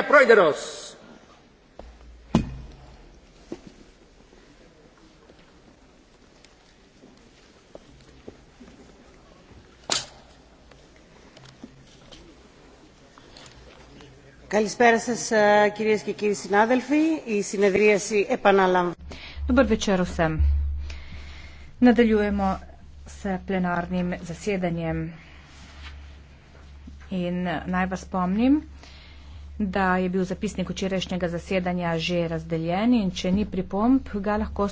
Herr Preuderos. Καλησπέρα σας κυρίες και κύριοι συνάδελφοι. Η συνεδρίαση επαναλαμβάνει. Nadaljujemo s plenarnim zasedanjem in naj vas spomnim da je bil zapisnik včerajšnjega zasedanja že razdeljen in če ni pripomb, ga lahko